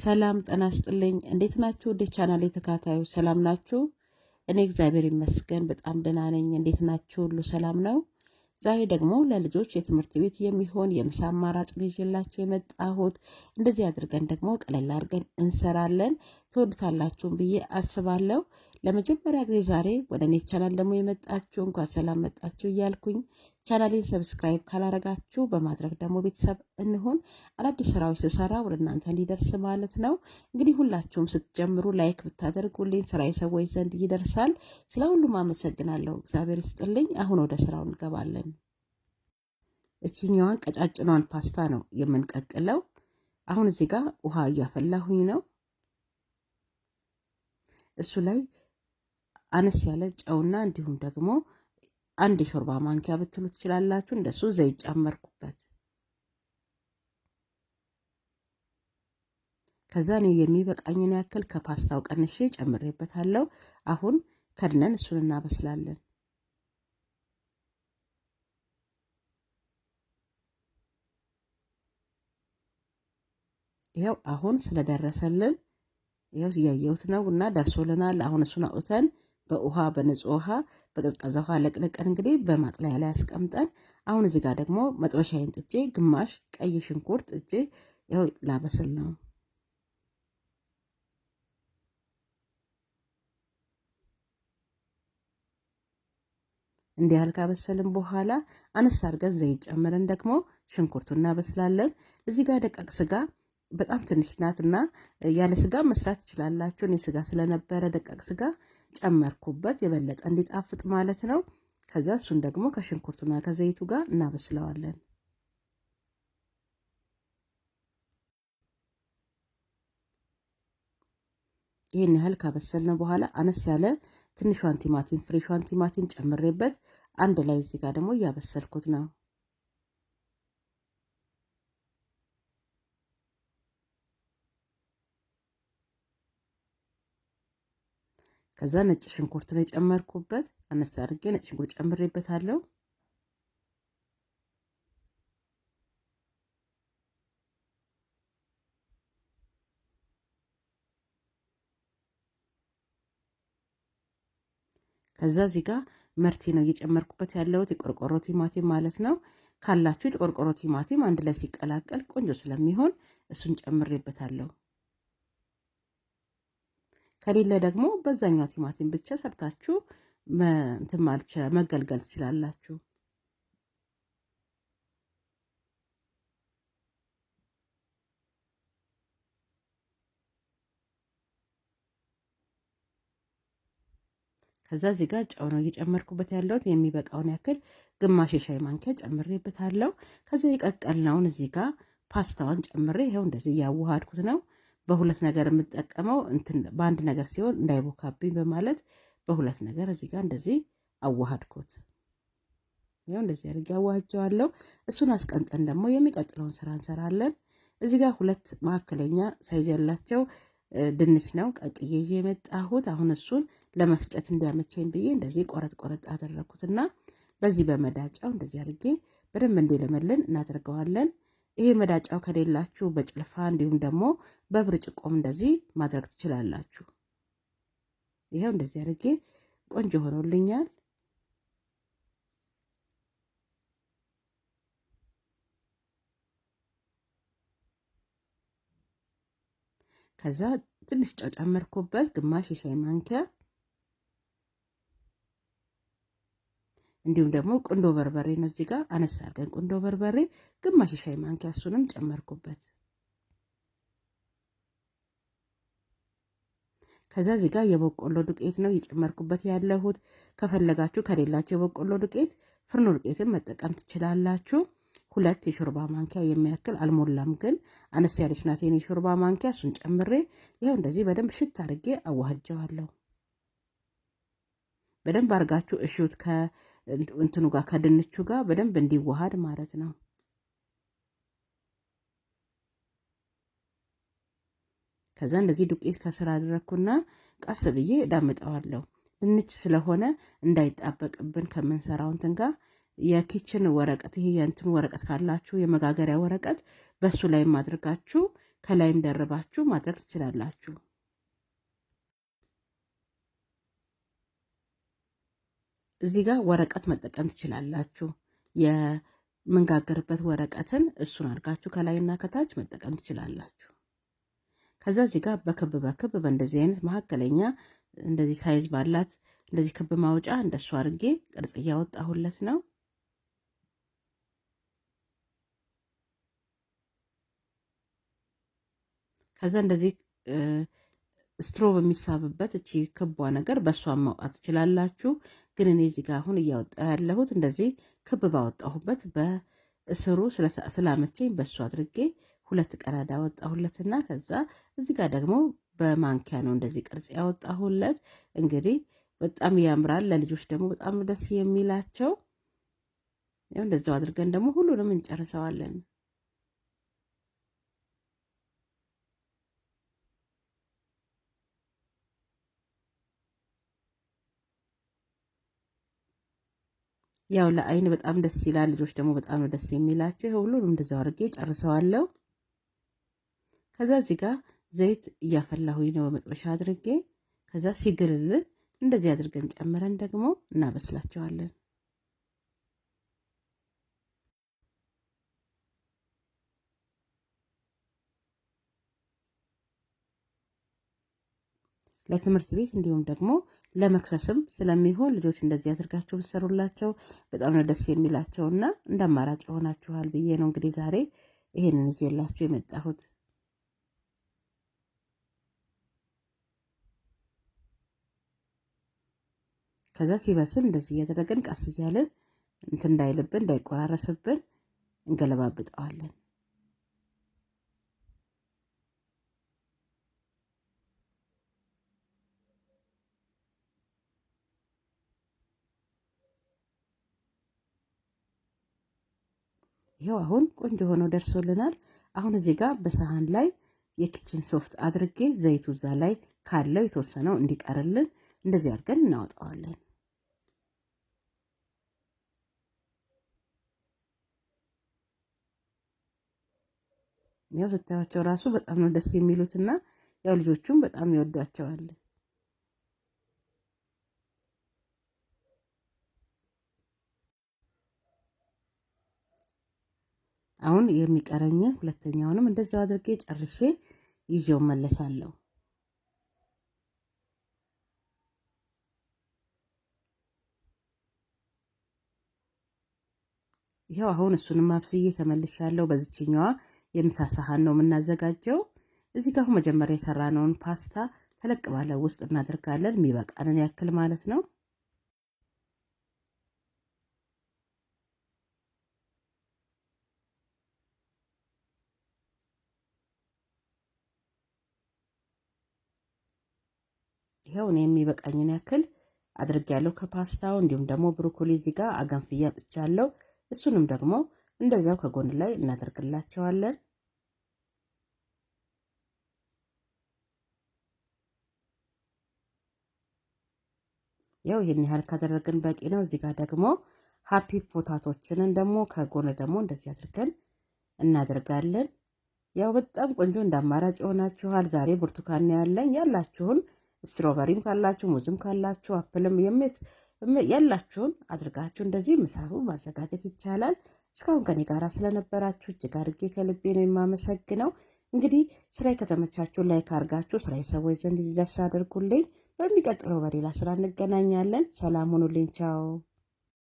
ሰላም ጤና ይስጥልኝ። እንዴት ናችሁ? ወደ ቻናል የተካታዮች ሰላም ናችሁ? እኔ እግዚአብሔር ይመስገን በጣም ደህና ነኝ። እንዴት ናችሁ? ሁሉ ሰላም ነው? ዛሬ ደግሞ ለልጆች የትምህርት ቤት የሚሆን የምሳ አማራጭ ይዤላችሁ የመጣሁት። እንደዚህ አድርገን ደግሞ ቀለል አድርገን እንሰራለን። ትወዱታላችሁን ብዬ አስባለሁ። ለመጀመሪያ ጊዜ ዛሬ ወደ እኔ ቻናል ደግሞ የመጣችሁ እንኳን ሰላም መጣችሁ እያልኩኝ ቻናሌን ሰብስክራይብ ካላረጋችሁ በማድረግ ደግሞ ቤተሰብ እንሆን አዳዲስ ስራዎች ስሰራ ወደ እናንተ እንዲደርስ ማለት ነው። እንግዲህ ሁላችሁም ስትጀምሩ ላይክ ብታደርጉልኝ ስራ የሰዎች ዘንድ ይደርሳል። ስለ ሁሉም አመሰግናለሁ። እግዚአብሔር ይስጥልኝ። አሁን ወደ ስራው እንገባለን። እችኛዋን ቀጫጭኗን ፓስታ ነው የምንቀቅለው። አሁን እዚህ ጋር ውሃ እያፈላሁኝ ነው። እሱ ላይ አነስ ያለ ጨውና እንዲሁም ደግሞ አንድ የሾርባ ማንኪያ ብትሉ ትችላላችሁ። እንደሱ ዘይት ጨመርኩበት። ከዛ እኔ የሚበቃኝን ያክል ከፓስታው ቀንሼ ጨምሬበታለሁ። አሁን ከድነን እሱን እናበስላለን። ይኸው አሁን ስለደረሰልን ይኸው እያየሁት ነው እና ዳሶልናል። አሁን እሱን አውጥተን በውሃ በንጹህ ውሃ በቀዝቃዛ ውሃ ለቅለቀን እንግዲህ በማጥለያ ላይ አስቀምጠን አሁን እዚህ ጋር ደግሞ መጥበሻዬን ጥጄ ግማሽ ቀይ ሽንኩርት ጥጄ ይኸው ላበስል ነው። እንዲህ ያህል ካበሰልን በኋላ አነስ አድርገን ዘይት ጨምረን ደግሞ ሽንኩርቱ እናበስላለን። እዚህ ጋር ደቃቅ ስጋ በጣም ትንሽ ናት እና ያለ ስጋ መስራት ትችላላችሁ። እኔ ስጋ ስለነበረ ደቃቅ ስጋ ጨመርኩበት የበለጠ እንዲጣፍጥ ማለት ነው። ከዛ እሱን ደግሞ ከሽንኩርቱና ከዘይቱ ጋር እናበስለዋለን። ይህን ያህል ካበሰልነው በኋላ አነስ ያለ ትንሿን ቲማቲም ፍሬሿን ቲማቲም ጨምሬበት አንድ ላይ እዚህ ጋር ደግሞ እያበሰልኩት ነው። ከዛ ነጭ ሽንኩርት ነው የጨመርኩበት። አነሳ አድርጌ ነጭ ሽንኩርት ጨምሬበታለሁ። ከዛ እዚህ ጋር መርቴ ነው እየጨመርኩበት ያለሁት የቆርቆሮ ቲማቲም ማለት ነው። ካላችሁ የቆርቆሮ ቲማቲም አንድ ላይ ሲቀላቀል ቆንጆ ስለሚሆን እሱን ጨምሬበታለሁ። ከሌለ ደግሞ በዛኛው ቲማቲም ብቻ ሰርታችሁ እንትን መገልገል ትችላላችሁ። ከዛ እዚህ ጋር ጨው ነው እየጨመርኩበት ያለሁት የሚበቃውን ያክል ግማሽ የሻይ ማንኪያ ጨምሬበታለሁ። ከዛ የቀቀልነውን እዚህ ጋር ፓስታዋን ጨምሬ ይኸው እንደዚህ እያዋሃድኩት ነው። በሁለት ነገር የምጠቀመው በአንድ ነገር ሲሆን እንዳይቦካብኝ በማለት በሁለት ነገር እዚህ ጋር እንደዚህ አዋሃድኩት። ያው እንደዚህ አድርጌ አዋህጀዋለሁ። እሱን አስቀምጠን ደግሞ የሚቀጥለውን ስራ እንሰራለን። እዚህ ጋር ሁለት መካከለኛ ሳይዝ ያላቸው ድንች ነው ቀቅዬ የመጣሁት። አሁን እሱን ለመፍጨት እንዲያመቸኝ ብዬ እንደዚህ ቆረጥ ቆረጥ አደረግኩትና በዚህ በመዳጫው እንደዚህ አድርጌ በደንብ እንዲለመልን እናደርገዋለን። ይሄ መዳጫው ከሌላችሁ በጭልፋ እንዲሁም ደግሞ በብርጭቆም እንደዚህ ማድረግ ትችላላችሁ። ይኸው እንደዚህ አድርጌ ቆንጆ ሆኖልኛል። ከዛ ትንሽ ጨው ጨመርኩበት፣ ግማሽ የሻይ ማንኪያ እንዲሁም ደግሞ ቁንዶ በርበሬ ነው እዚህ ጋር አነሳ አድርገን ቁንዶ በርበሬ ግማሽ ሻይ ማንኪያ እሱንም ጨመርኩበት። ከዛ እዚህ ጋር የበቆሎ ዱቄት ነው እየጨመርኩበት ያለሁት። ከፈለጋችሁ ከሌላችሁ የበቆሎ ዱቄት ፍርኖ ዱቄትን መጠቀም ትችላላችሁ። ሁለት የሾርባ ማንኪያ የሚያክል አልሞላም፣ ግን አነስ ያለች ናት የኔ የሾርባ ማንኪያ። እሱን ጨምሬ ይኸው እንደዚህ በደንብ ሽት አድርጌ አዋህጀዋለሁ። በደንብ አድርጋችሁ እሹት ከ እንትኑ ጋር ከድንቹ ጋር በደንብ እንዲዋሃድ ማለት ነው። ከዛ እንደዚህ ዱቄት ከስር አደረግኩና ቀስ ብዬ እዳምጠዋለሁ። ድንች ስለሆነ እንዳይጣበቅብን ከምንሰራው እንትን ጋር የኪችን ወረቀት ይሄ የእንትን ወረቀት ካላችሁ የመጋገሪያ ወረቀት በሱ ላይም አድርጋችሁ ከላይም ደርባችሁ ማድረግ ትችላላችሁ። እዚህ ጋር ወረቀት መጠቀም ትችላላችሁ። የምንጋገርበት ወረቀትን እሱን አድርጋችሁ ከላይና ከታች መጠቀም ትችላላችሁ። ከዛ እዚህ ጋር በክብ በክብ በእንደዚህ አይነት መካከለኛ እንደዚህ ሳይዝ ባላት እንደዚህ ክብ ማውጫ እንደሱ አድርጌ ቅርጽ እያወጣሁለት ነው። ከዛ እንደዚህ ስትሮ በሚሳብበት እቺ ክቧ ነገር በእሷን ማውጣት ትችላላችሁ። ግን እኔ እዚህ ጋር አሁን እያወጣ ያለሁት እንደዚህ ክብ ባወጣሁበት በእስሩ ስላመቸኝ በሱ አድርጌ ሁለት ቀዳዳ ና ከዛ እዚህ ጋር ደግሞ በማንኪያ ነው እንደዚህ ቅርጽ ያወጣሁለት። እንግዲህ በጣም ያምራል። ለልጆች ደግሞ በጣም ደስ የሚላቸው እንደዛው አድርገን ደግሞ ሁሉንም እንጨርሰዋለን። ያው ለአይን በጣም ደስ ይላል። ልጆች ደግሞ በጣም ነው ደስ የሚላቸው። ሁሉንም እንደዛው አድርጌ ጨርሰዋለሁ። ከዛ እዚህ ጋር ዘይት እያፈላሁኝ ነው በመጥበሻ አድርጌ። ከዛ ሲግልልን እንደዚህ አድርገን ጨምረን ደግሞ እናበስላቸዋለን። ለትምህርት ቤት እንዲሁም ደግሞ ለመክሰስም ስለሚሆን ልጆች እንደዚህ አድርጋችሁ ብሰሩላቸው በጣም ነው ደስ የሚላቸውና እንደ አማራጭ ይሆናችኋል ብዬ ነው እንግዲህ ዛሬ ይሄንን ይዤላችሁ የመጣሁት። ከዛ ሲበስል እንደዚህ እያደረግን ቀስ እያልን እንትን እንዳይልብን እንዳይቆራረስብን እንገለባብጠዋለን። ይኸው አሁን ቆንጆ ሆኖ ደርሶልናል። አሁን እዚህ ጋር በሰሃን ላይ የኪችን ሶፍት አድርጌ ዘይቱ እዛ ላይ ካለው የተወሰነው እንዲቀርልን እንደዚህ አድርገን እናወጣዋለን። ያው ስታያቸው ራሱ በጣም ነው ደስ የሚሉትና ያው ልጆቹም በጣም ይወዷቸዋል። አሁን የሚቀረኝን ሁለተኛውንም እንደዚያው አድርጌ ጨርሼ ይዤው መለሳለሁ። ይኸው አሁን እሱንም አብስዬ ተመልሻለሁ። በዚችኛዋ የምሳ ሳህን ነው የምናዘጋጀው። እዚህ ጋር መጀመሪያ የሰራነውን ፓስታ ተለቅ ባለ ውስጥ እናደርጋለን፣ የሚበቃንን ያክል ማለት ነው። ይኸው እኔ የሚበቃኝን ያክል አድርጌያለሁ ከፓስታው። እንዲሁም ደግሞ ብሮኮሊ እዚህ ጋር አገንፍዬ አምጥቻለሁ። እሱንም ደግሞ እንደዚያው ከጎን ላይ እናደርግላቸዋለን። ያው ይህን ያህል ካደረግን በቂ ነው። እዚህ ጋር ደግሞ ሀፒ ፖታቶችንን ደግሞ ከጎን ደግሞ እንደዚህ አድርገን እናደርጋለን። ያው በጣም ቆንጆ እንደ አማራጭ ይሆናችኋል። ዛሬ ብርቱካን ያለኝ ያላችሁን ስትሮበሪም ካላችሁ ሙዝም ካላችሁ አፕልም ያላችሁን አድርጋችሁ እንደዚህ ምሳሩ ማዘጋጀት ይቻላል። እስካሁን ከኔ ጋር ስለነበራችሁ እጅግ አድርጌ ከልቤ ነው የማመሰግነው። እንግዲህ ስራ ከተመቻችሁ ላይክ አድርጋችሁ ስራ የሰዎች ዘንድ እንዲደርስ አድርጉልኝ። በሚቀጥለው በሌላ ስራ እንገናኛለን። ሰላም ሁኑልኝ። ቻው